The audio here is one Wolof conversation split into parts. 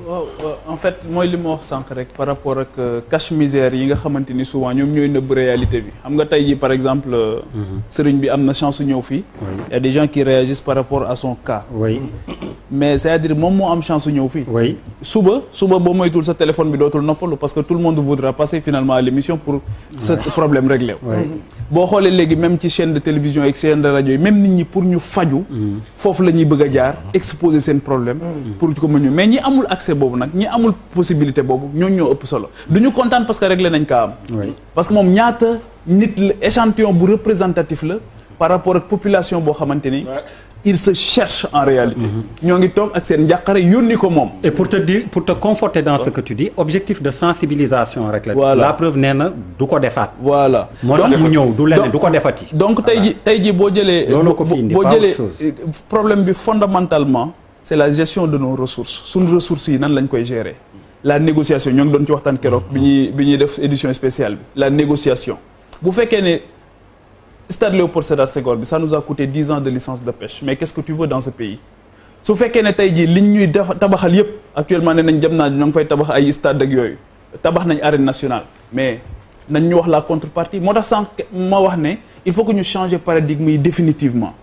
waaw en fait mooy li ma wax sànq rek par rapport ak euh, cache-misère yi nga xamante ni souvent ñoom ñooy nëbb réalité bi xam nga tey jii par exemple. Euh, mhm. sëriñ bi am na chance su ñëw fii. y a des gens qui réagissent par rapport à son cas. oui mais c'est-à-dire moom moo am chance su ñëw fii. oui suba suba boo moytul sa téléphone bi dootul noppalu parce que tout le monde voudra passer finalement à l'émission pour. ce problème réglé wu. boo xoolee léegi même ci chaîne de télévision ak chaîne de rajo yi même nit ñi pour ñu faju mm. foofu la ñuy bëgg a jaar exposer seen problème. Mm. pour ko mën ñu mais ñi amul accès boobu nag ñi amul possibilité boobu ñooñu ñoo ëpp solo du ñu kontaan parce que réglé nañ kaa am. parce que moom ñaata nit la bu représentatif la. par rapport ak population boo xamante ni. il se cherche en réalité. Mhm. ñoo ngi toog ak seen njàqare yónni ko moom. et pour te dire pour te conforter dans ce que tu dis objectif de sensibilisation rek la. voilà nee na du ko defaat. voilà moo tax mu ñëw du leneen du ko defati. donc tey ji tey ji boo jëlee. loolu ko fi indi boo jëlee problème bi fondamentalement c'est la gestion de no ressources suñu ressources yi nan lañ koy gérer. la négociation ñoo ngi doon ci waxtaan keroog. bi ñuy bi ñuy def édition spéciale bi. la négociation bu fekkee ne. stade Léopold Sédar Senghor bi ça nous a coûté dix ans de licence de pêche mais qu'est-ce que tu veux dans ce pays su fekkee ne tey jii liñ ñuy tabaxal yëpp actuellement ne nañ jëm naa ñoo ngi fay tabax ay stade ak yooyu tabax nañ arène nationale mais nañ ñu wax la contrepartie moo tax sànq ma wax ne il faut que ñu changer paradigme yi définitivement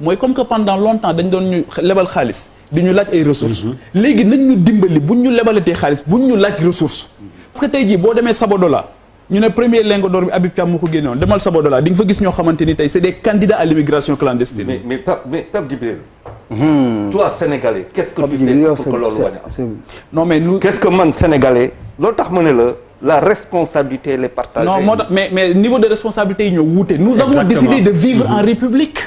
mooy comme que pendant longtemps dañ doon ñu lebal xaalis di ñu laaj ay ressources mhm. léegi nañ ñu dimbali buñ ñu lebalatee xaalis buñ ñu laaj ressources parce que tey jii boo demee Sabodola ñu ne premier lingot d'or bi Habib Thiam moo ko génnewoon demal Sabodala di nga fa gis ñoo xamante ni tey c'est des candidats à l'immigration clandestine. mais mais Pape mais Pape Djibril. Hmm. qu'est-ce que tu fais pour que loolu wàññi non mais ne la. la responsabilité les non tax mais mais niveau de responsabilité yi ñoo wuute. nous avons décidé de vivre en mm-hmm. république.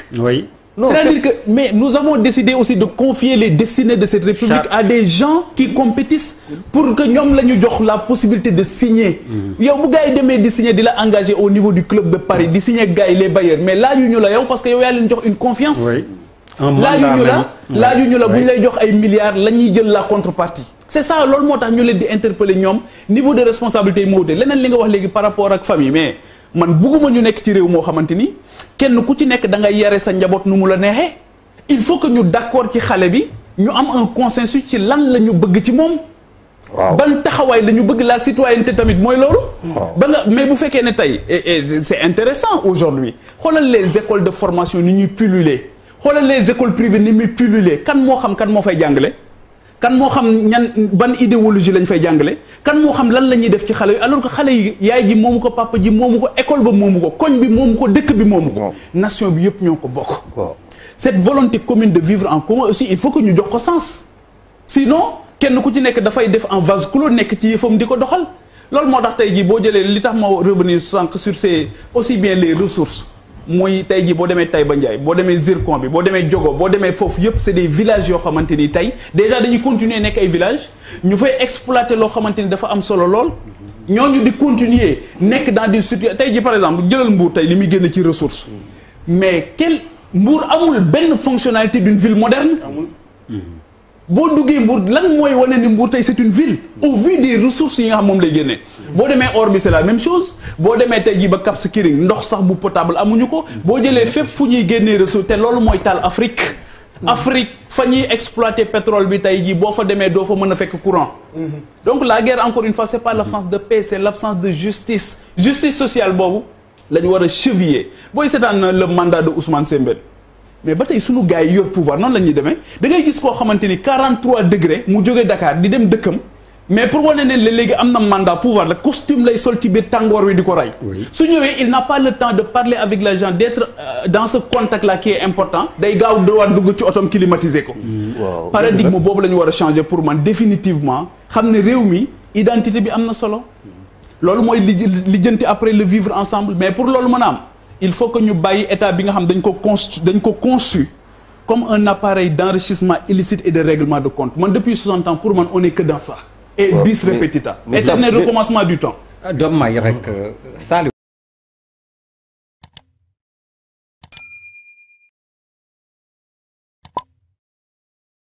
C'est-à-dire que mais nous avons décidé aussi de confier les destinées de cette République Chaque... à des gens qui compétissent pour que ñoom la ñu jox la possibilité de signer. Mhm. yow bu gars yi demee di signer di la engagé au niveau du club de Paris di signer gars yi les bailleurs mais laaju la yow parce que yow yaa leen jox une confiance. Oui. laaju ñu la laaju bu ñu lay jox ay milliards la ñuy jël la contrepartie. c'est ça loolu moo tax ñu leen di interpeller ñoom niveau de responsabilité yi li nga wax léegi par rapport ak famille mais. man bugguma ñu nekk ci réew moo xamante ni kenn ku ci nekk dangay yare sa njaboot nu mu la neexee il faut que ñu d'accord ci xale bi ñu am un consensus ci lan la ñu bëgg ci moom. waaw ban taxawaay la bëgg la citoyenneté tamit mooy loolu. ba nga mais bu fekkee ne tey et c'est intéressant aujourd'hui xoolal les écoles de formation ni ñuy pulluler xoolal les écoles privées ni muy pulluler kan moo xam kan moo fay jàngale. kan moo xam ñan ban idéologie lañ fay jàngale kan moo xam lan la ñuy def ci xale yi alors que xale yi yaay ji moomu ko papa ji moomu ko école ba moomu ko koñ bi moomu ko dëkk bi moomu ko nation bi yëpp ñoo ko bokk cette volonté commune de vivre en commun aussi il faut que ñu jox ko sens sinon kenn ku ci nekk dafay def en vase clos nekk ci yëfam di ko doxal loolu moo tax tey jii boo jëlee li tax moo revenir sànq sur ces aussi bien les ressources mooy tey jii boo demee Taïba Ndiaye boo demee Zircon bi boo demee Diogo boo demee foofu yëpp c'est des villages yoo xamante ni tey déjà dañuy continuer nekk ay villages ñu fay exploiter loo xamante ni dafa am solo lool. ñoo ñu di continuer nekk dans des situations tey ji par exemple jëlal Mbour tey li muy génn ci ressource mais quel mbuur amul benn fonctionnalité d'une ville moderne. boo duggee Mbour lan mooy wane ni Mbour tey c'est une ville. au vu des ressources yi nga xam moom lay génnee. boo demee or bi c'est la même chose boo demee tey jii ba Cap Skirring ndox sax bu potable amuñu ko boo jëlee fépp fu ñuy génnee reseau te loolu mooy taal Afrique Afrique fa ñuy exploiter pétrole bi tey jii boo fa demee doo fa mën a fekk courant donc la guerre encore une fois c'est pas l'absence de paix c'est l'absence de justice justice sociale boobu la ñu war a cheviller booy seetaan le mandat de Ousmane Sembène mais ba tey sunu gars yi yor pouvoir noonu la ñuy demee da ngay gis koo xamante ni 43 degré mu jógee Dakar di dem dëkkam mais pour wane ne léegi am na mandat pouvoir la costume lay sol ci biir tàngoor wi di ko rey. su ñëwee il n'a pas le temps de parler avec les gens d'être euh, dans ce contact là qui est important. day gaaw dowaat dugg ci otom climatisé ko. Mm, waaw paradigme boobu la ñu war a changé pour man définitivement xam ne réew mi identité bi am na solo. loolu mooy lijjanti après le vivre ensemble mais pour loolu mën a am il faut que ñu bàyyi état bi nga xam dañ ko const et bis repetita. éternel recommencement du temps. Ah, doomu may rek euh, Saliou.